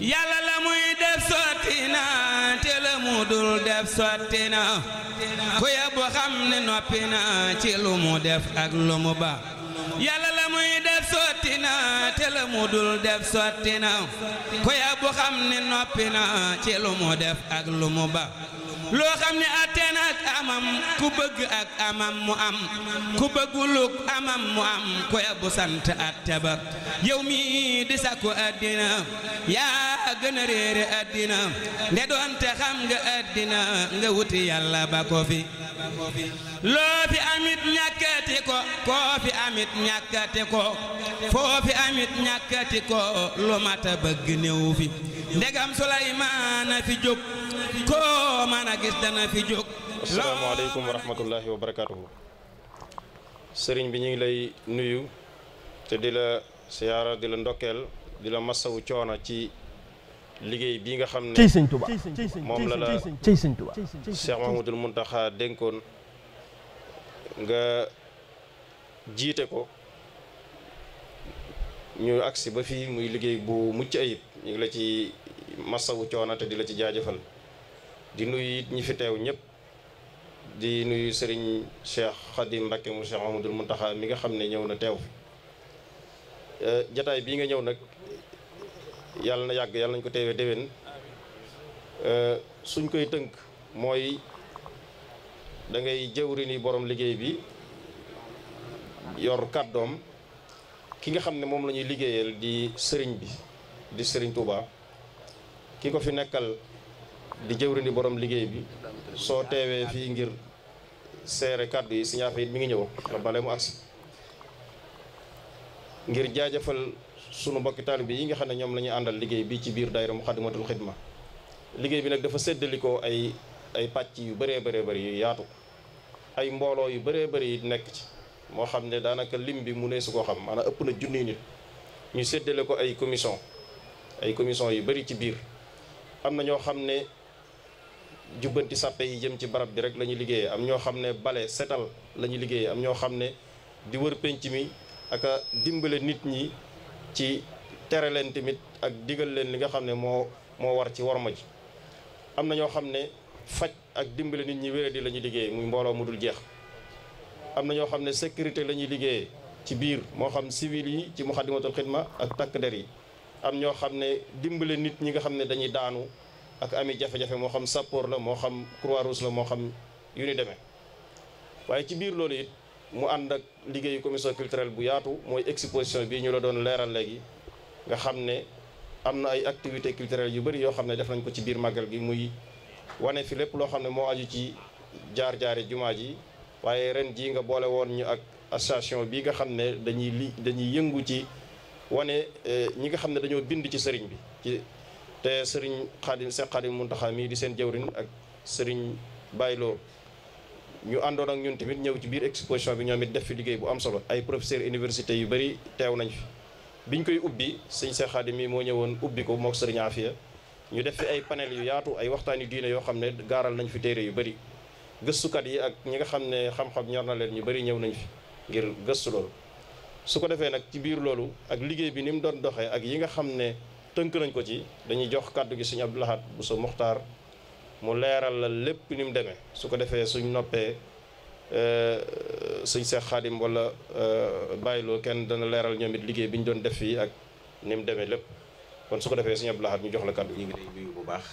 yàlla la muy def sotti na te la mu dul def sotti na ku yebbu xam ne noppi na ci lu mu def ak lu ba yàlla la muy def sotti na te la mu dul def sotti na ku yebbu xam ne noppi na ci lu mu def ak lu ba loo xam ne atteen ak amam ku bëgg ak amam mu am ku bëgguluk amam mu am ku ebu atte ba yow mi di sakku addina yaa gën a réere addina nde doonte xam nga addina nga wuti yàlla ba ko fi loo fi amit ñàkkati ko koo fi amit ñàkkati ko foo fi amit ñàkkati ko lu mata bëgg néew fi ndegam Souleymane fi jóg koo mën a gis dana fi jóg. asalaamaaleykum wa rahmatullahi wa barakaatuhu. sëriñ bi ñu ngi lay nuyu te di la siyaara di la ndokkeel di la masawu coono ci liggéey bii nga xam ne. cëy sëñ Tuba moom la la cëy sëñ Tuba. Cheikh nga jiite ko ñu agsi ba fii muy liggéey bu mucc ayib. ñu ngi la ci masawu coono te di la ci jaajëfal di nuyu it ñi fi teew ñëpp di nuyu sëriñ Cheikh Khadim Mbacke mu Cheikh Mamadou Mountakha mi nga xam ne ñëw na teew fi eh, jataay bii nga ñëw nag yàlla na yàgg yàlla nañ ko teewee déwén eh, suñ koy tënk mooy dangay ngay jëwri borom liggéey bi yor kàddoom ki nga xam ne moom la ñuy liggéeyal di sëriñ bi di Serigne Touba kiko finakal fi nekkal di jëwrindi borom liggey bi so teewee fi ngir seere kaddu yi si ñaafa mi ngi ñëw la mu agsi ngir jaajeufal suñu mbokk talib yi nga xam ñom lañu andal liggey bi ci biir daayira Muxaddamatul khidma liggey bi nak dafa séddalikoo ay ay pàcc yu bëree bëree bëri yu yaatu ay mbolo yu beri bëri yi nekk ci mo xam danaka lim bi mu ne su koo xam ana ëpp na jooni nit ñu ay commission ay commission yu bari ci biir am na ñoo xam ne jubbanti sàppe yi jëm ci barab bi rek la ñu am ñoo xam ne bale setal la ñu liggéeyee am ñoo xam ne di wër penc mi ak dimbale nit ñi ci tere leen tamit ak digal leen li nga xam ne moo moo war ci worma ji am na ñoo xam ne faj ak dimbale nit ñi wéradi la ñuy liggéey muy mbooloo mu dul jeex am na ñoo xam ne sécurité la ñuy liggéeyee ci biir moo xam civil yi ci muxadimatul xidma ak takk der yi am ñoo xam ne dimbale nit ñi nga xam ne dañuy daanu ak ami jafe-jafe moo xam sappoor la moo xam croix rouge la moo xam yu ni demee waaye ci biir loolu it mu ànd ak liggéeyu commission culturelle bu yaatu mooy exposition bi ñu la doon leeral léegi nga xam ne am na ay activités culturelles yu bëri yoo xam ne def nañ ko ci biir màggal gi muy wane fi lépp loo xam ne moo aju ci jaar-jaari jumaa ji waaye ren jii nga boole woon ñu ak association bi nga xam ne dañuy li dañuy yëngu ci wane eh, ñi nga xam ne dañoo bind ci sëriñ bi ci te sëriñ xaadim Seex Xaadim Muntaxa mii di seen jëwriñ ak sëriñ bàyyiloo ñu àndoon ak ñun tamit ñëw ci biir exposition bi ñoom it def fi liggéey bu am solo ay professeur université yu bëri teew nañ fi biñ koy ubbi sëñ Seex Xaadim mi moo ñëwoon ubbi ko moo sëriñ Afia ñu def fi ay panel yu yaatu ay waxtaan yu diine yoo xam ne gaaral nañ fi téere yu bëri gëstukat yi ak ñi nga xam ne xam-xam ñor na leen ñu bëri ñëw nañ fi ngir gëstu loolu su ko defee nag ci biir loolu ak liggéey bi ni mu doon doxee ak yi nga xam ne tënk nañ ko ci dañuy jox kàddu gi suñ suñu Abdou bu Bousso Muxtaar mu leeral la lépp ni mu demee su ko defee suñ noppee suñ Seex Xaadim wala euh, bàyyiloo kenn dana leeral ñoom it liggéey bi ñu doon def fii ak ni demee lépp kon su ko defee suñu Abdou Lahad ñu jox la kàddu gi. ñu ngi lay nuyu bu baax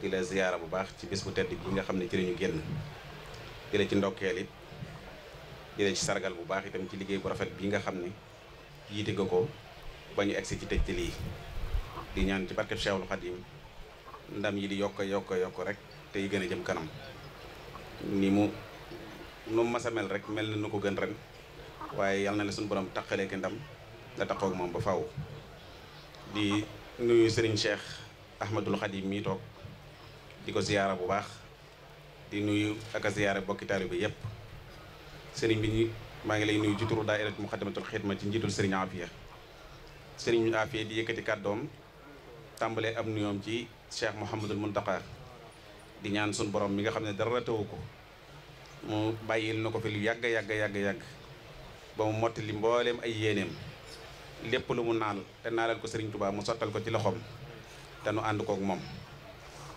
di la ziyaara bu baax ci bis bu tedd bi nga xam ne ci la génn di la ci ndokkeel it. di ci sargal bu baax itam ci liggéey bu rafet bi nga xam ne jiite nga ko ba ñu egsi ci tëjtal yi di ñaan ci barkeb Cheikhul Khadim ndam yi di yokk yokk yokk rek tey gën a jëm kanam ni mu nu masa a mel rek mel na nu ko gën ren waaye yal na la suñu borom taqalee ki ndam la taqoog moom ba faw di nuyu Serigne Cheikh Ahmadul Khadim mii toog di ko ziyaara bu baax di nuyu ak a ziyaara bokki taalibe yépp sëriñ bi ñu maa ngi lay nuyu ci turu daa'irat Muxaddamatul Xidma ci njiitul sëriñ Afia sëriñ Afia di yëkkati kàddoom tàmbalee am nuyoom ci Cheikh Mouhamadul Muntaqa di ñaan suñu boroom mi nga xam ne dara tawu ko mu bàyyil na ko fi lu yàgg yàgg yàgg yàgg ba mu li mbooleem ay yéeneem lépp lu mu naal te naalal ko sëriñ tubaab mu sottal ko ci loxoom te nu ànd kook moom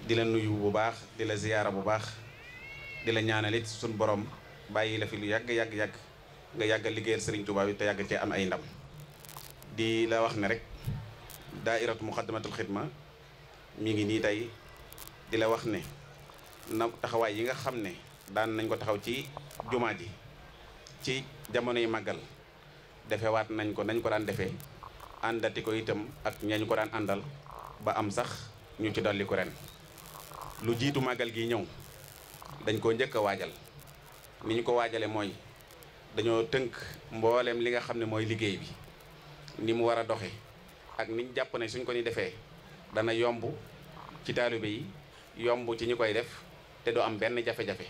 di la nuyu bu baax di la ziyaara bu baax di la ñaanal it suñu bàyyi la fi lu yag yag yàgg nga yag a Serigne Touba wi te yag ci am ay ndam di la wax ne rek daairatu muqaddamatul khidma mi ngi ni tay di la wax ne na taxawaay yi nga xamne ne daan nañ ko taxaw ci jumaa ji ci magal defé wat nañ ko nañ ko daan defé andati ko itam ak ñañ ko daan andal ba am sax ñu ci li ko ren lu jitu magal gi ñew dañ ko ñëk wajal ni ñu ko waajale mooy dañoo tënk mbooleem li nga xam ne mooy liggéey bi ni mu war a doxe ak niñ jàpp ne suñ ko ni defee dana yomb ci taalibe yi yomb ci ñu koy def te du am benn jafe-jafe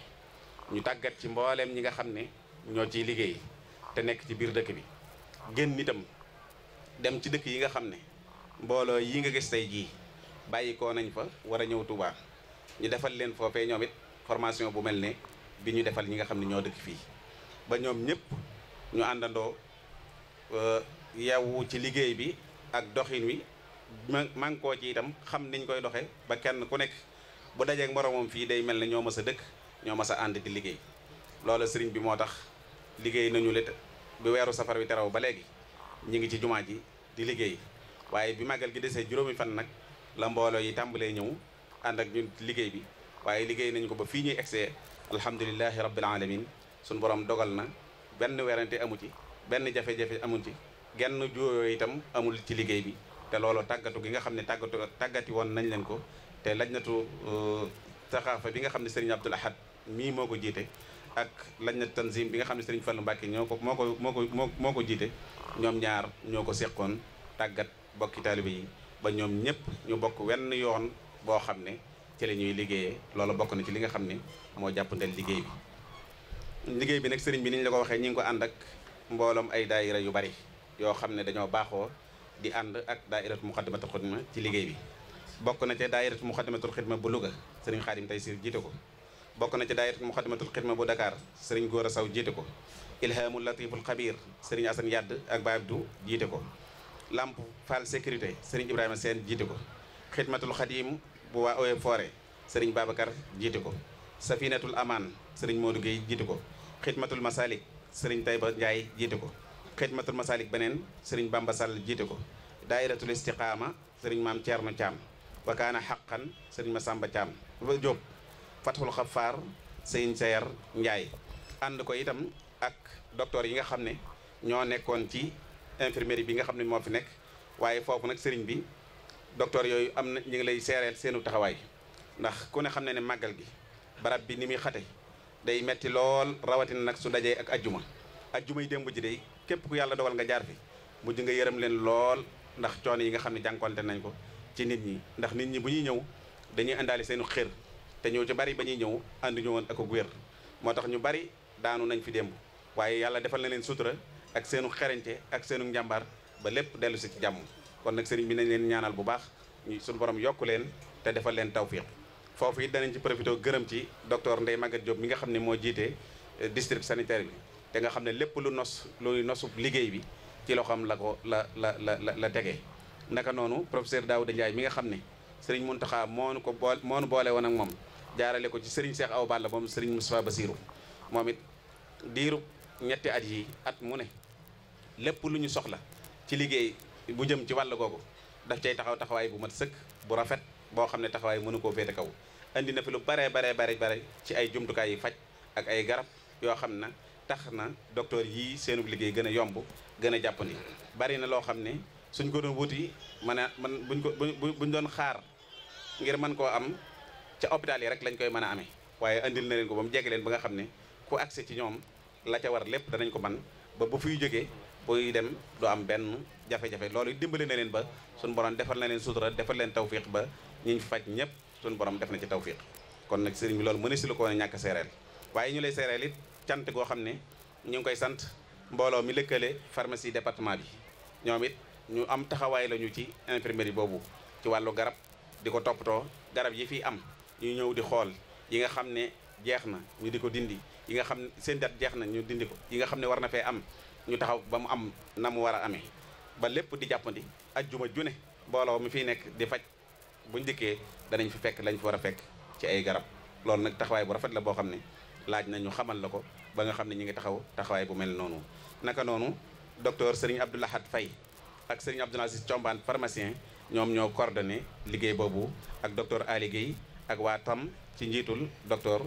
ñu tàggat ci mbooleem ñi nga xam ne ñoo ciy liggéey te nekk ci biir dëkk bi génn itam dem ci dëkk yi nga xam ne mbooloo yi nga gis tey gii bàyyi koo nañ fa war a ñëw Touba ñu defal leen foofee ñoom it formation bu mel ne bi ñu defal ñi nga xam ne ñoo dëkk fii ba ñoom ñëpp ñu àndandoo euh, yeewu ci liggéey bi ak doxin wi man koo ci itam xam niñ koy doxe ba kenn ku nekk bu dajeek moroomam fii day mel ne ñoo mas a dëkk ñoo mas a ànd di liggéey loola sëriñ bi moo tax liggéey nañu lit bi weeru safar wi teraw ba léegi ñu ngi ci jumaa ji di liggéey waaye bi màggal gi desee juróomi fan nag la mbooloo yi tàmbalee ñëw ànd ak ñun liggéey bi waaye liggéey nañ ko ba fii ñuy egsee alhamdulilahi rabbil alamin suñu borom dogal na benn werante amu ci benn jafe-jafe amu ci genn juyoo itam amul ci liggéey bi te loolu tàggatu gi nga xam ne tàggatu tàggati nañ leen ko te lajnatu saxaafa bi nga xam ne Abdul Ahad mii moo ko ak lajnatu tanzim bi nga xam ne sëriñ Fallu Mbàkke ñoo ko moo ko moo ko moo ko jiite ñoom ñaar ñoo ko seqoon bokki taalibe yi ba ñoom ñëpp ñu bokk wenn yoon boo xam ne ci la ñuy liggéeyee loolu bokk na ci li nga xam ne moo jàppandal liggéey bi liggéey bi nag sëriñ bi ni ñu la ko waxee ñi ngi ko ànd ak mbooloom ay daayira yu bari yoo xam ne dañoo baaxoo di ànd ak daayiratu muxaddamatul xidma ci liggéey bi bokk na ca daayiratu muxaddamatul xidma bu Louga sëriñ Xaadim Taysiir jiite ko bokk na ci daayiratu muxaddamatul xidma bu Dakar sëriñ a Saw jiite ko ilhaamul latiful xabiir sëriñ Asan yàdd ak Baay Abdu jiite ko lamp Fall sécurité sëriñ Ibrahima Seen jiite ko xidmatul xadim bu waa Eaux et sëriñ Babacar jiite ko Safinatul Aman sëriñ Modou Guèye jiite ko xidmatul Masalik sëriñ Tayba Ndiaye jiite ko xidmatul Masalik beneen sëriñ Bamba Sall jiite ko daayiratul Istiqaama sëriñ Maam Thierno Thiam wakaana xaqan sëriñ Masamba caam ba Diop Fathul Xafaar sëriñ Seyar Ndiaye ànd ko itam ak docteur yi nga xam ne ñoo nekkoon ci infirmerie bi nga xam ne moo fi nekk waaye foofu nag sëriñ bi docteur yooyu am na ñu ngi lay seereel seenu taxawaay ndax ku ne xam ne ne màggal gi barab bi ni muy xate day metti lool rawatina nag su dajee ak ajjuma ajjuma yi démb ji dey képp ku yàlla dogal nga jaar fi mujj nga yërëm leen lool ndax coono yi nga xam ne jànkonte nañ ko ci nit ñi ndax nit ñi bu ñuy ñëw dañuy indaale seenu xër te ñëw ci bari ba ñuy ñëw ànduñu woon ak wér moo tax ñu bari daanu nañ fi démb waaye yàlla defal na leen sutura ak seenu xerañte ak seenu njàmbaar ba lépp dellu si ci jàmm kon nag sëriñ bi nañ leen ñaanal bu baax ñu suñu borom yokku leen te defal leen tawfiq foofu it danañ ci profité gërëm ci docteur Ndeye Maguette Diop mi nga xam ne moo jiite euh, district sanitaire bi te nga xam ne lépp lu nos lu nosub liggéey bi ci loxoom la ko la la la la tegee naka noonu professeur Daouda Ndiaye mi nga xam ni sëriñ Mountakha moo nu ko boole moo nu boole woon ak moom jaarale ko ci sëriñ Cheikh Awa Balla moom sëriñ Moustapha Bassirou moom it diiru ñetti at yi at mu ne lépp lu ñu soxla ci liggéey bu jëm ci wàll googu daf cay taxaw taxawaay bu mat sëkk bu rafet boo xam ne taxawaay mënu koo féete kaw indi na fi lu bare bare bare bare ci ay jumtukaay yi faj ak ay garab yoo xam ne tax na docteur yii seenu liggéey gën a yomb gën a jàpp ni bari na loo xam ne suñ ko doon wuti man a man buñ ko buñ doon xaar ngir mën koo am ca hôpital yi rek lañ koy mën a amee waaye andil na leen ko ba mu jege leen ba nga xam ne ku accès ci ñoom la ca war lépp danañ ko man ba bu jógee buy dem du am ben jafé jafé loolu dimbali na len ba sun borom defal na len sutura defal len tawfiq ba ñi ñu faj ñëpp suñu borom def na ci tawfiq kon nak serigne bi loolu mëne ci lu ko ñak a waye ñu lay seereel it go xamné ñu ngi koy sant mbolo mi lekkale pharmacie département bi ñom it ñu am taxaway lañu ci infirmerie bobu ci walu garab di topoto garab yi fi am ñu ñew di xol yi nga xamné jeexna ñu di dindi yi nga xamné seen dat jeexna ñu dindi ko yi nga xamné warna am ñu taxaw ba mu am na mu war a amee ba lépp di jàppandi ajjuma june mbooloo mi fiy nekk di faj bu dikkee danañ fi fekk lañ fi war a fekk ci ay garab loolu nag taxawaay bu rafet la boo xam ne laaj na ñu xamal la ko ba nga xam ne ñu ngi taxaw taxawaay bu mel noonu naka noonu docteur Serigne Abdou Lahad fay ak Serigne Abdou Aziz Thiombane pharmacien ñoom ñoo coordonné liggéey boobu ak docteur Ali Guèye ak waa TAM ci njiitul docteur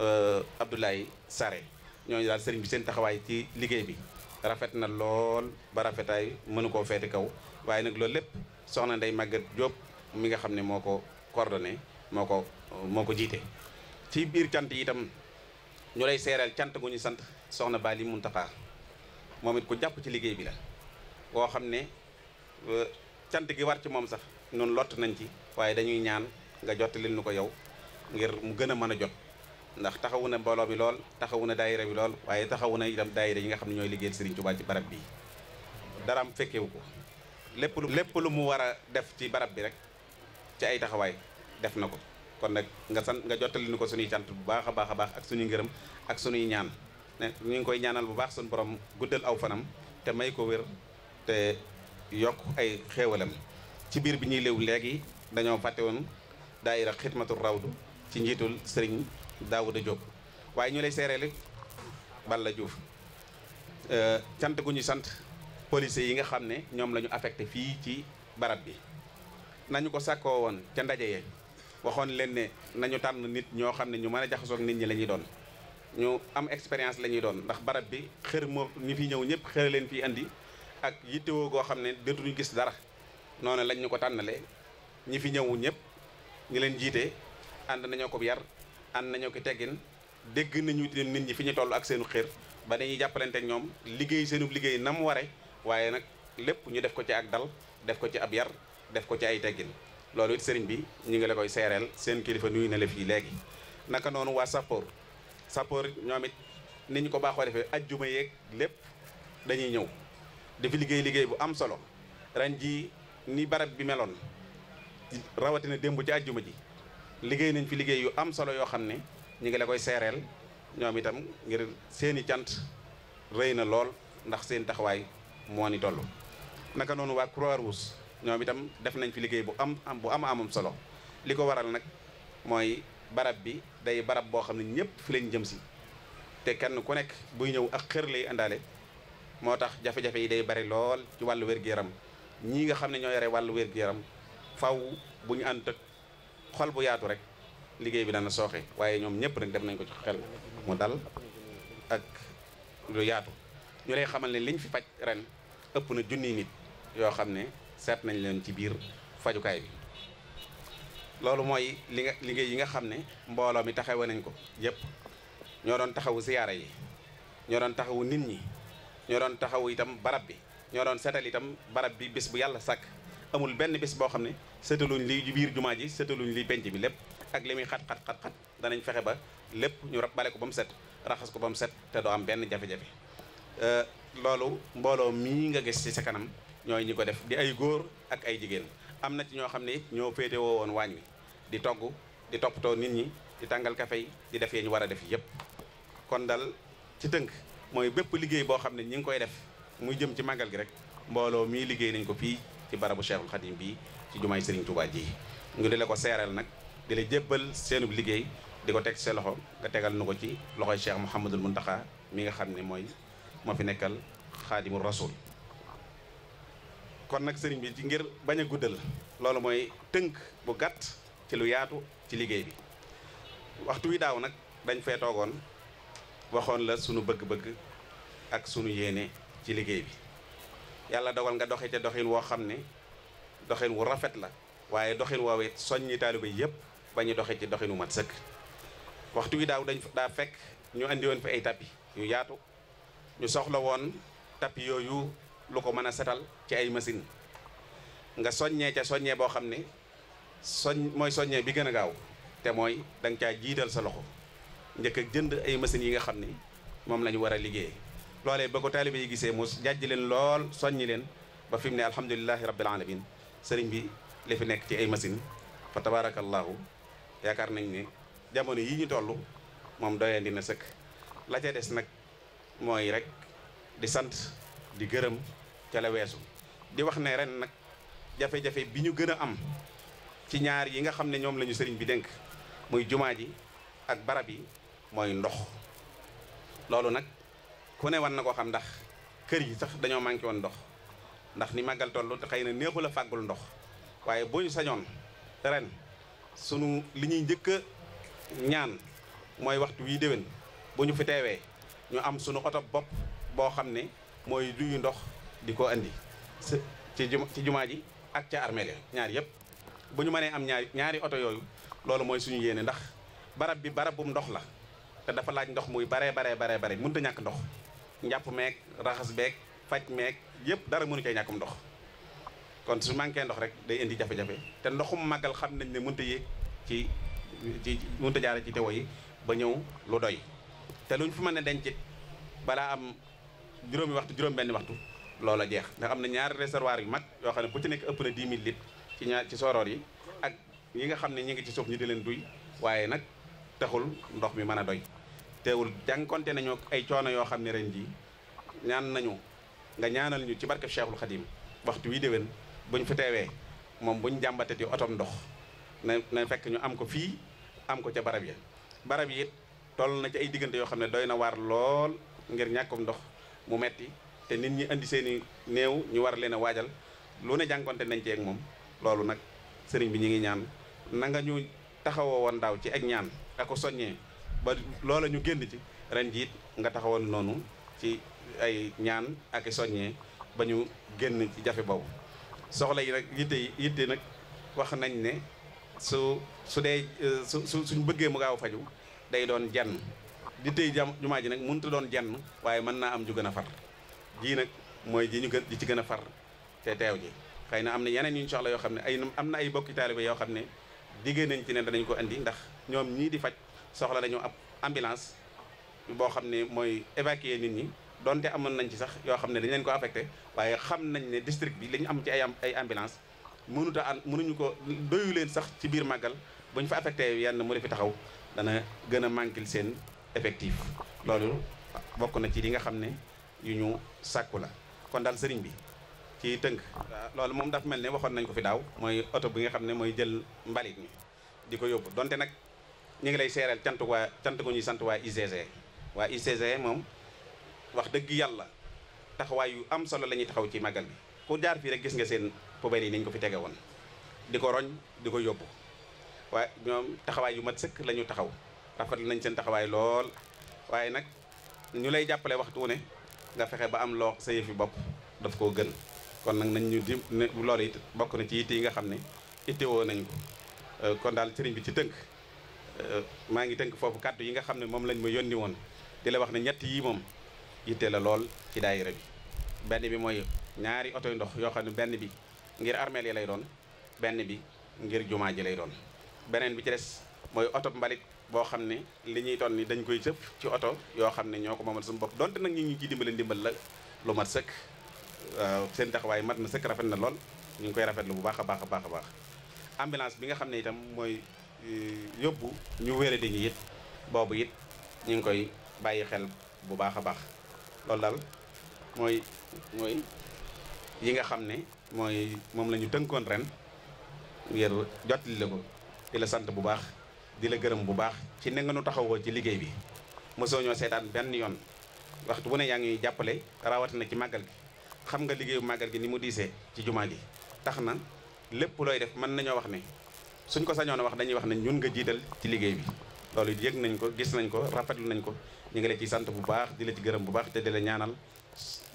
euh, Abdoulaye Sare ñooñu daal Serigne bi seen taxawaay ci liggéey bi rafet na lool ba rafetaay mënu koo feeti kaw waaye nag loolu lépp soxna Ndeye Maguette Diop mi nga xam ne moo ko coordonné moo ko moo ko jiite. ci biir cant yi itam ñu lay seereel cant gu ñu sant soxna baa Bali Muntaxa moom it ku jàpp ci liggéey bi la koo xam ne euh, cant gi war ci moom sax noonu lott nañ ci waaye dañuy ñaan nga jot leen nu ko yow ngir mu gën a mën a jot. ndax taxawu na mbooloo bi lool taxawu na daayira bi lool waaye taxawu na itam daayira yi nga xam ne ñooy liggéeyal Serigne Touba ci barab bi dara am fekkewu ko lépp lu lépp lu mu war a def ci barab bi rek ci ay taxawaay def na ko kon nag nga sant nga jottali ko suñuy cant bu baax a baax a baax ak suñuy ngërëm ak suñuy ñaan ne ñu ngi koy ñaanal bu baax suñu borom guddal aw fanam te may ko wér te yokk ay xéewalam ci biir bi ñuy léew léegi dañoo fàtte woon daayira xidmatul rawdu ci njiitul sëriñ Daouda Diop waaye ñu lay seereele Balla Diouf euh, cant gu ñu sant policiers yi nga xam ne ñoom lañu ñu fii ci barab bi nañu ko sàkkoo woon ca ndaje ye waxoon leen ne nañu tànn nit ñoo xam ne ñu mën a jaxasoog nit ñi lañuy doon ñu am expérience la ñuy doon ndax barab bi xër moo ñi fi ñëw ñëpp xër leen fi andi ak yittewoo goo xam ne dootuñu gis dara noonu lañ ñu ko tànnale ñi fi ñëw ñëpp ñi leen jiite ànd nañoo ko yar an nañu ko teggin dégg nañu itam nit ñi fi ñu toll ak seenu xër ba dañuy jàppalante ak ñoom liggéey seenu liggéey nam mu waaye nag ñu def ko ci ak dal def ko ci ab yar def ko ci ay teggin loolu it sëriñ bi ñu ngi la koy seereel seen kilifa nuyu na la fii léegi. naka noonu waa sapor sapor ñoom it ni ñu ko baaxoo defee ajjuma yeeg lépp dañuy ñëw fi liggéey liggéey bu am solo ren ji ni barab bi meloon rawatina démb ci ajjuma ji liggéey nañ fi liggéey yu am solo yoo xam ne ñu ngi la koy seereel ñoom itam ngir seeni cant rëy na lool ndax seen taxawaay moo ni toll. naka noonu waa Croix-Rouge ñoom itam def nañ fi liggéey bu am am bu am amam solo li ko waral nag mooy barab bi day barab boo xam ne ñëpp fi lañ jëm si. te kenn ku nekk buy ñëw ak xër lay àndaale moo tax jafe-jafe yi day bari lool ci wàllu wér-gu-yaram ñii nga xam ne ñoo yore wàllu wér-gu-yaram faw bu ñu ànd xol bu yaatu rek liggéey bi dana sooxe waaye ñoom ñëpp rek def nañ ko ci xel mu dal ak lu yaatu ñu lay xamal ne liñ fi faj ren ëpp na junniy nit yoo xam ne seet nañ leen ci biir fajukaay bi loolu mooy li nga liggéey yi nga xam ne mbooloo mi taxawe nañ ko yëpp ñoo doon taxawu siyaara yi ñoo doon taxawu nit ñi ñoo doon taxawu itam barab bi ñoo doon seetal itam barab bi bis bu yàlla sàkk amul benn bis boo xam ne sëtaluñ li biir jumaa ji sëtaluñ li penc bi lépp ak li muy xat xat xat danañ fexe ba lépp ñu bale ko ba mu set raxas ko ba mu set te du am benn jafe-jafe euh, loolu mbooloo mii nga gis ci sa kanam ñooy ñi ko def di ay góor ak ay jigéen am na ci ñoo xam ne it féete woo woon waañ wi di togg di toppatoo nit ñi di tàngal kafe yi di def yee ñu war a def yépp kon dal ci tënk mooy bépp liggéey boo xam ne ñi ngi koy def mu jëm ci màggal gi rek mbooloo mii liggéey nañ ko fii ci barabu Cheikhul Khadim bi ci jumaay Serigne Touba ji ñu di la ko seeral nag di la jébbal seenub liggéey di ko teg sa loxo nga tegal nu ko ci loxoy Cheikh Mouhamadul Mountakha mi nga xam ne mooy moo fi nekkal Khadimu Rasul. kon nag sëriñ bi ci ngir bañ a guddal loolu mooy tënk bu gàtt ci lu yaatu ci liggéey bi waxtu wi daaw nag dañ fee toogoon waxoon la sunu bëgg-bëgg ak sunu yéene ci liggéey bi. yàlla dogal nga doxee ca doxin woo xam ne doxin wu rafet la waaye doxin woowu it soññi taaliba yëpp ba ñu doxee ci doxin wu mat sëkk waxtu wi daaw dañ daa fekk ñu andi woon fi ay tapis yu yaatu ñu soxla woon tapis yooyu lu ko mën a setal ci ay machine nga soññee ca soññee boo xam ne soñ mooy soññee bi gën a gaaw te mooy da nga caa jiital sa loxo njëkk a jënd ay machines yi nga xam ne moom la ñu war a liggéey loolee ba ko taalibe yi gisee mu jàjj leen lool soññi leen ba fi mu ne alhamdulilahi rabbil alamin sëriñ bi li fi nekk ci ay machine fa tabaarakallaahu yaakaar nañ ni jamono yi ñu toll moom doyeen dina sëkk la ca des nag mooy rek di sant di gërëm ca la weesu di wax ne ren nag jafe-jafe bi ñu gën a am ci ñaar yi nga xam ne ñoom lañu sëriñ bi dénk muy jumaa ji ak barab yi mooy ndox loolu nag ku ne war na koo xam ndax kër yi sax dañoo manqué woon ndox ndax ni màggal toll te xëy na neexul a fàggul ndox waaye bu ñu sañoon ren sunu li ñuy njëkk a ñaan mooy waxtu wii déwén bu ñu fi teewee ñu am sunu oto bopp boo xam ne mooy duyu ndox di ko andi ci ci jumaa ji ak ca armeel ñaar yëpp bu ñu mënee am ñaari ñaari oto yooyu loolu mooy suñu yéene ndax barab bi barab bum ndox la te dafa laaj ndox muy baree baree baree bare mënut a ñàkk ndox njàpp meeg raxas beeg faj meeg yëpp dara mënu cay ñàkkum ndox kon su manqué ndox rek day indi jafe-jafe te ndoxum màggal xam nañ ne mënta yéeg ci ci mënta jaare ci tewo yi ba ñëw lu doy te luñ fu mën a dencit balaa am juróomi waxtu juróom benn waxtu loola jeex nga xam ne ñaari réservoir yu mag yoo xam ne bu ci nekk ëpp na 10 000 ci ñaar ci sooroor yi ak yi nga xam ne ñu ngi ci suuf ñu di leen duy waaye nag taxul ndox mi mën a doy teewul jànkonte nañu ay coono yoo xam ne ren ji ñaan nañu nga ñaanal ñu ci barke Cheikhul Khadim waxtu wi dewen buñ fi teewee moom buñ jàmbatati otom ndox na fekk ñu am ko fii am ko ca barab ya barab yi it toll na ci ay diggante yoo xam ne doy na war lool ngir ñàkkum ndox mu metti te nit ñi andi seeni i néew ñu war leen a waajal lu ne jànkonte nañ ci ak moom loolu nag sëriñ bi ñi ngi ñaan nga ñu taxawoo woon ci ak ñaan ko soññee ba loola ñu génn ci ren jiit nga taxawal noonu ci ay ñaan ak i soññee ba ñu génn ci jafe boobu soxla yi nag yitte yi yitte nag wax nañ ne su su dee su su suñ bëggee mu gaaw faju day doon jenn di jam jumaa ji nag mënut a doon jenn waaye mën naa am ju gën a far jii nag mooy ji ñu gën ji ci gën a far te teew ji xëy na am na yeneen yu ñu soxla yoo xam ne ay nu am na ay bokki taalibe yoo xam ne diggée nañ ci ne danañ ko indi ndax ñoom ñii di faj soxla nañu ab ambulance boo xam ne mooy évacuer nit ñi donte amoon nañ ci sax yoo xam ne dañ ko affecté waaye xam nañ ne district bi lañu ñu am ci ay ay ambulance mënut a an mënuñu ko doyu leen sax ci biir màggal bu ñu fa affecté yenn mu di fi taxaw dana gën a manquil seen effectif loolu bokk na ci li nga xam ne yu ñu sàkku la kon daal sëriñ bi ci tënk loolu moom daf mel ne waxoon nañ ko fi daaw mooy oto bi nga xam ne mooy jël mbalit ñi di ko yóbbu donte nag ñu ngi lay seereel cant waa cant ko ñuy sant waa ICG waa ICG moom wax dëgg yàlla taxawaay yu am solo la ñuy taxaw ci màggal bi ku jaar fii gis nga seen poubelle yi ni ko fi tege woon di ko roñ di ko yóbbu waaye ñoom taxawaay yu mat sëkk lañu ñu taxaw rafetlu nañ seen taxawaay lool waaye nag ñu lay jàppale waxtu ne nga fexe ba am loo sa yëfi bopp daf koo gën kon nag nañ ñu di loolu it bokk na ci yitte yi nga xam ne ittewoo nañ ko kon daal sëriñ bi ci tënk Euh, maa ngi tënk foofu kàddu yi nga xam ne moom lañ ma yónni woon di la wax ne ñett yii moom yitte la lool ci daayira bi benn bi mooy ñaari oto yu ndox yoo xam ne benn bi ngir armeel yi lay doon benn bi ngir jumaa ji lay doon beneen bi ci des mooy oto mbalit boo xam ne li ñuy ton ni dañ koy jëpp ci oto yoo xam ne ñoo ko moom moomal suñu bopp donte nag ñu ngi ciy dimbale ndimbal la lu mat sëkk seen taxawaay mat na sëkk rafet na lool ñu ngi koy rafetlu bu baax a baax a baax a baax ambulance Eh, yóbbu ñu wéradi ñi it boobu it ñu ngi koy bàyyi xel bu baax a baax loolu daal mooy mooy yi nga xam ne mooy moom lañu tënkoon ren ngir jot la ko di la sant bu baax di la gërëm bu baax ci ne nga nu taxawoo ci liggéey bi mosoo ñoo seetaan benn yoon waxtu bu ne yaa ngi jàppale rawatina ci màggal gi xam nga liggéeyu màggal gi ni mu diisee ci jumaa gi tax na lépp looy def mën nañoo wax ne suñ ko sañoon wax dañuy wax ne ñun nga jiital ci liggéey bi loolu yëg nañ ko gis nañ ko rafetlu nañ ko ñu ngi la ciy sant bu baax di la ci gërëm bu baax te di la ñaanal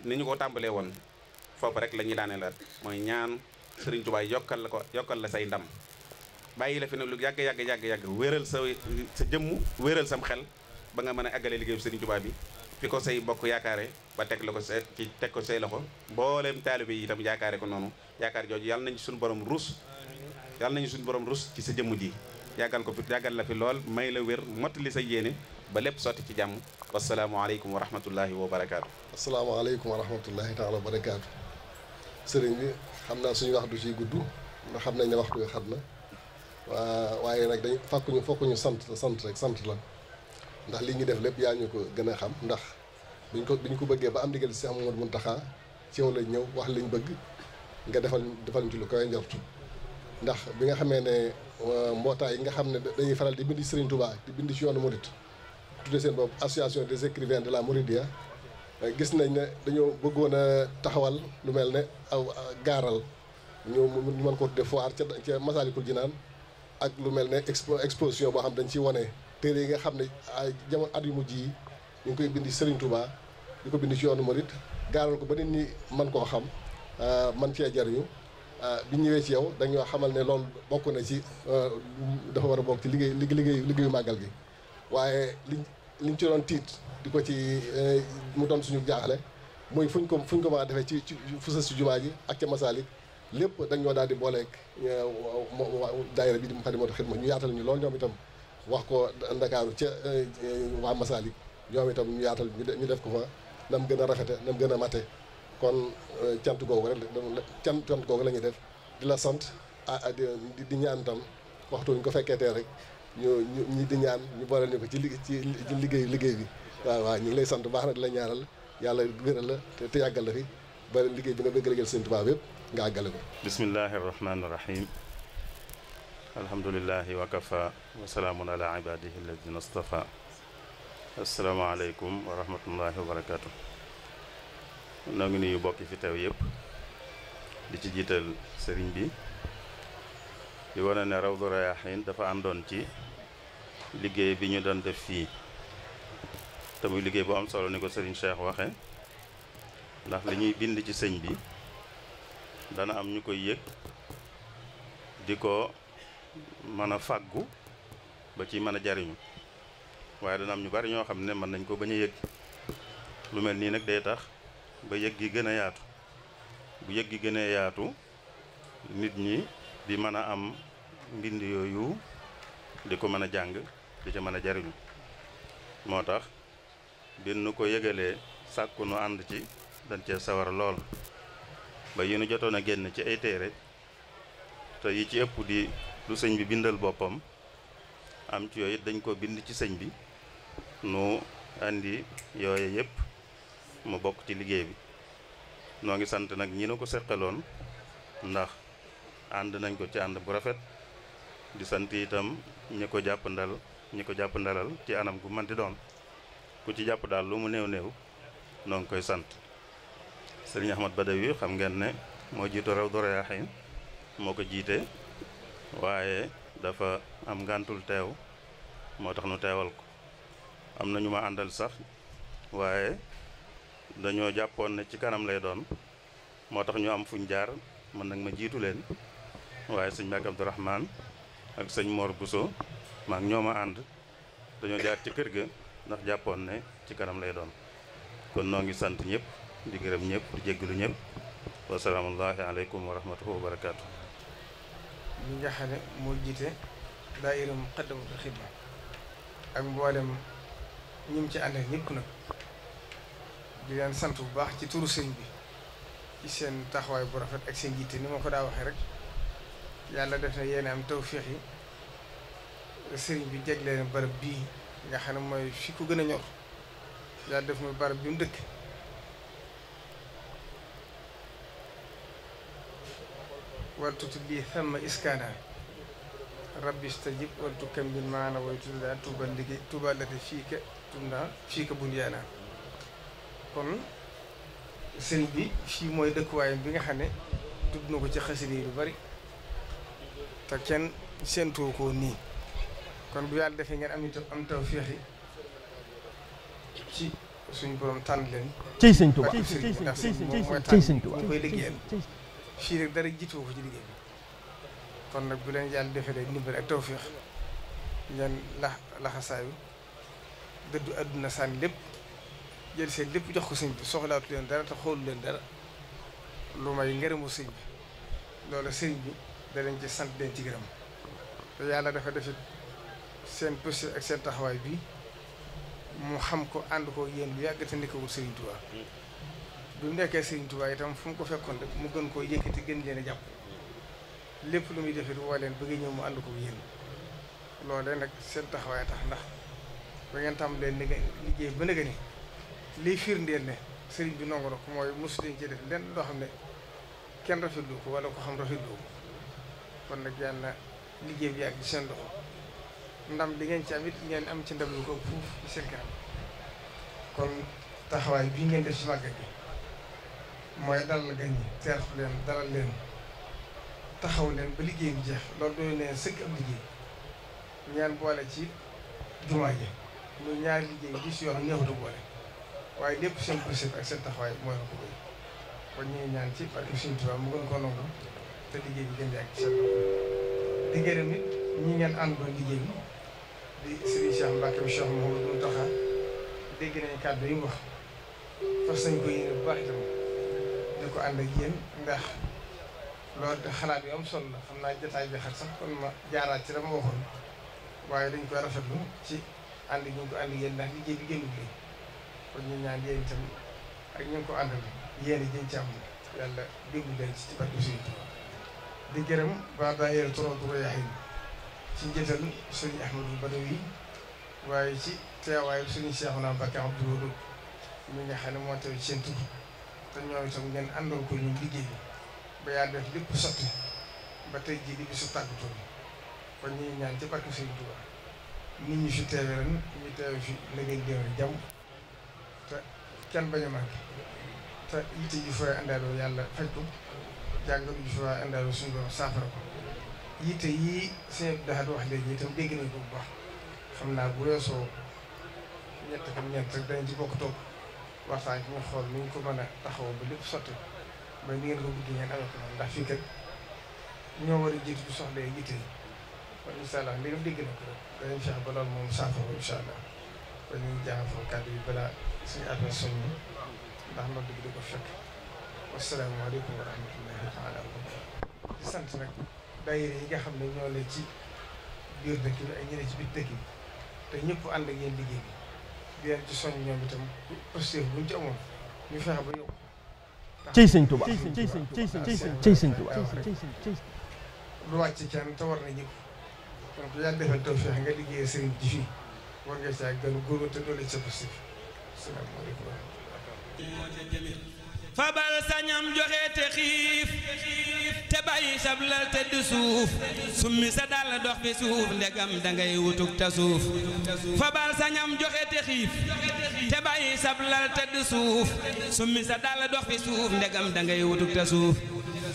ni ñu ko tàmbalee woon foofu rek la ñuy daanee la mooy ñaan Sëriñ Tuubaa yokkal la ko yokkal la say ndam bàyyi la fi nag lu yàgg yàgg yàgg yàgg wéeral sa sa jëmm wéeral sam xel ba nga mën a àggale Sëriñ Tuubaa bi fi ko say bokk yaakaare ba teg la ko ci teg ko say loxo mbooleem taalibe yi itam yaakaare ko noonu yaakaar jooju yàlla nañ ci suñu borom rus yàlla nañu suñu borom rus ci sa jëmm ji yàggal ko fi yàggal la fi lool may la wér li sa yéene ba lépp sotti ci jàmm wasalaamualeykum wa rahmatullahi wa barakaatu. asalaamaaleykum wa rahmatullahi taala wa barakaatu. sëriñ bi xam naa suñu wax du ciy gudd ndax xam nañ ne waxtu wi xat na waa waaye rek dañ fàkk ñu ñu sant sant rek sant la ndax li ñu def lépp yaa ñu ko gën a xam ndax biñ ko biñ ko bëggee ba am digal si Amadou Mountakha ci yow la ñëw wax liñ bëgg nga defal defal ñu ci lu koy njortu. ndax bi nga xamee ne euh, mbootaay yi nga xam ne dañuy faral di bind ci Serigne Touba di bind ci yoonu Mouride tuddee seen bopp association des écrivains de la Mouridia euh, gis nañ ne dañoo bëggoon a taxawal lu mel ne aw euh, gaaral ñu ñu mën ko tuddee foire ca ca Masaalikul Jinaan ak lu mel ne expo exposition boo xam dañ ciy wane téere yi nga xam ne ay jamono at yu mujj yi ñu ngi koy bindi Serigne Touba di ko bindi ci yoonu Mouride gaaral ko ba nit ñi man koo xam man cee jariñu Euh, bi ñëwee ci yow dañoo xamal ne loolu bokk na ci euh, dafa war a bokk ci liggéey liggéey liggéeyu màggal gi waaye li ñu ci doon tiit di ko ci euh, mu doon suñu jaaxale muy fuñ ko fuñ ko mën defee ci ci fu sës ci jumaa ji ak ca Masaalik lépp dañoo daal di booleeg daayira bi di Moukhaddamatoul Khidma ñu yaatal ñu loolu ñoom itam wax ko Ndakaaru ca waa Masaalik ñoom itam ñu yaatal ñu def ko fa nam gën a rafete nam gën a mate kon euh, cant googu rek cant cant googu la ñuy def di la sant ah di ñaan tam waxtu ñu ko fekkee tee rek ñu ñu di ñaan ñu booleel ñu ko ci ci liggéey liggéey bi waaw waaw ñu ngi lay sant bu baax na di la ñaaral yàlla wéral la te te yàggal la fi ba liggéey bi nga bëgg liggéeyal seen tubaab yëpp nga àggale ko bismillahi rahmaani rahim alhamdulilahi wa kafa wa salaamun ala ibadihi alladina astafa asalaamaaleykum wa rahmatullahi wa barakatuh noo ngi nuyu bokki fi teew yëpp di ci jiital sëriñ bi li wane ne raw Rawdu Rayaahiin dafa àndoon ci liggéey bi ñu doon def fii te liggéey boo am solo ni ko sëriñ Cheikh waxe ndax li ñuy bind ci sëñ bi dana am ñu koy yëg di ko mën a fàggu ba ci mën a jariñu waaye dana am ñu bari ñoo xam ne mën nañ ko bañ a yëg lu mel nii nag day tax ba yegg gi gëna yaatu bu yegg gi gëna yaatu nit ñi di mëna am mbind yoyu di ko mëna jang di ci mëna jarignu motax moo ko yëgalee sàkku nu and ci dañ ci sawar lool ba yi nu jotoon ci ay téré te yi ci ëpp di lu señ bi bindal bopam am ci yoy dañ ko bind ci señ bi nu andi yooye yépp ma bokk ci liggéey bi noo ngi sant nag ñi na ko seqaloon ndax ànd nañ ko ci ànd bu rafet di sant itam ñi ko jàpp ndal ñi ko jàpp ndalal ci anam gu manti doon ku ci jàpp daal lu mu néew néew noo ngi koy sant sëriñ Ahmad Badawi xam ngeen ne moo jiitu Rawdu Rayaahiin moo ko jiite waaye dafa am ngàntul teew moo tax nu teewal ko am na ñu ma àndal sax waaye dañoo jàppoon ne ci kanam lay doon moo tax ñu am fuñ jaar man nag ma jiitu leen waaye sëñ Mbàkke Abdourahman ak sëñ Mor Bousso maak ñoo ma ànd dañoo jaar ci kër ga ndax jàppoon ne ci kanam lay doon kon noo ngi sant ñëpp di gërëm ñëpp di jéggalu ñëpp wa salaamullahi aleykum wa rahmatuhu wa barakaatu. ñi nga xam ne moo jiite daayira Muqaddamatul Xidma ak mboolem ñi mu ci ànd ak ñëpp nag. di leen sant bu baax ci turu sëñ bi ci seen taxawaay bu rafet ak seen jiite ni ma ko daa waxee rek yàlla def na yéen am tawféex yi sëriñ bi jeglee na barab bii nga xam ne mooy fi ko gën a ñor yàlla def na barab bi mu dëkk wal tuti lii thamma iskaana rabbi stajib wal tukammil maana way tuddaan tuuba liggéey tuuba lati fii ka tunda fii ka bunyaana kon sëñ bi fii mooy dëkkuwaayam bi nga xam ne tudd na ko ci xasida yi lu bari te kenn séentuwu ko nii kon bu yàlla defee ngeen am itam am taw féexi ci borom tànn leen. cëy sëñ Tuubaa cëy sëñ Tuubaa cëy sëñ Tuubaa koy liggéeyal fii dara jiitu ko ci liggéey bi kon nag bu leen yàlla defalee ndimbal ak taw féex ngeen la laxasaayu dëddu àdduna sànni lépp jël seen lépp jox ko sëñ bi soxlaatu leen dara te xoolu leen dara lu may ngërëmu sëñ bi loolu sëñ bi da leen ci sant leen ci gërëm te yàlla dafa defit seen posté ak seen taxawaay bi mu xam ko ànd ko yéen lu yàgg te nekkawul sëriñ Tuubaa bu nekkee sëriñ Tuubaa itam fu ko fekkoon rek mu gën koo yëkkati gën leen a jàpp lépp lu muy defit woo leen bëgg ñëw mu ànd ko yéen loolee nag seen taxawaay tax ndax ba ngeen tam leen liggéey ba nga ni liy firndeel ne sëriñ bi nangu na ko mooy mosu leen ci def lenn loo xam ne kenn rafetlu ko wala ko xam rafetlu ko kon nag yàlla na liggéey bi yàgg ci seen loxo ndam li ngeen ci am ngeen am ci ndam ko fuuf ci seen kanam ngeen def ci màggal gi mooy dalal gan ñi teertu leen dalal leen taxaw leen ba liggéey bi jeex loolu dooy ne sëkk am liggéey ñaan boole ci jumaa ji muy ñaari liggéey bi si yoon neexutu boole waaye lépp seen principe ak seen taxawaay mooy na ko béy kon ñu ngi ñaan ci parce que suñu tubaab mu gën ko nangu te liggéey bi gën di ak seen di gërëm it ñi ngeen àndoon bi di sëriñ Cheikh Mbacke bi Cheikh Mouhamadou Mountakha ko yéene bu baax itam di ko ànd ak yéen ndax loolu de xalaat yu am solo la xam naa jotaay bi xat sax kon ma jaaraat ci la waxoon waaye dañ koy rafetlu ci ànd gi ñu ko ànd yéen ndax liggéey bi gënul lii kon ñu ñaan yéen itam ak ñu ko àndal yéen a jën ci am yàlla déglu leen ci ci suñu Tuubaa di gërëm baa daayira Rawdu Rayaahiin ci njëtal sëriñ Ahmadou Badawi waaye ci teewaayu sëriñ Cheikhouna ba Abdou Wadoud mi ne moo ci seen tur te ñoom itam ngeen àndal ko ñu liggéey ba ba tey jii di bisu tàggatoo bi kon ñaan ci barke suñu Tuubaa nit ñi fi teewee ren ñu teew fi na ngeen كان بيني ما فيتي يفوا عندارو يلا فتو جانغو يفوا عندارو سنجو سافر يتي يي سيف ده هاد واحد يجي تم بيجي نجوبا فمن أقوله سو نيت كم نيت تقدر نجيب وقتو وفاي كم خال مين كم أنا تخو بلب سطو بنير لو بيجي أنا لو كمان ده فكر نيوري جيت بسهل يجي تي وإن شاء الله نيرو بيجي نجوبا إن شاء الله مم سافر إن شاء الله kon ñu ngi jaaxal foofu kàddu yi balaa suñu àdduna sonn ndax ma bi di ko fekk wasalaamaaleykum wa rahmatullahi taala wa barakaatu nag yi nga xam ne ñoo ci biir dëkk bi ak ñeneen ci biir dëkk te ñëpp ànd ak yéen liggéey ci soññ ñoom itam posture bu ñu ñu fexe ba yow. cëy sëñ Tuubaa cëy sëñ Tuubaa cëy sëñ Tuubaa lu wàcc kenn te war na ñëpp donc yaa defal tawfeex nga liggéey sëriñ ji war nga saa gën góor te fabal sañam joxe te xiif te bàyyi sablal tëdd suuf summi sa dàll dox fi suuf ndegam dangay wutug ta suuf fabal sañam joxe te xiif te bàyyi sablal tëdd suuf summi sa dàll dox fi suuf ndegam dangay wutug ta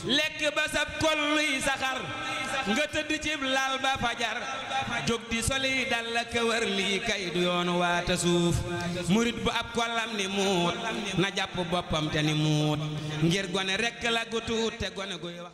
lekk ba sab kolluy saxar. nga tëdd cib lal ba fajar jóg di soli dal la këwër lii kay du yoonu waata suuf murit bu ab kollam ni muut na jàpp boppam te ni muut ngir gone rekk la gu te gone guy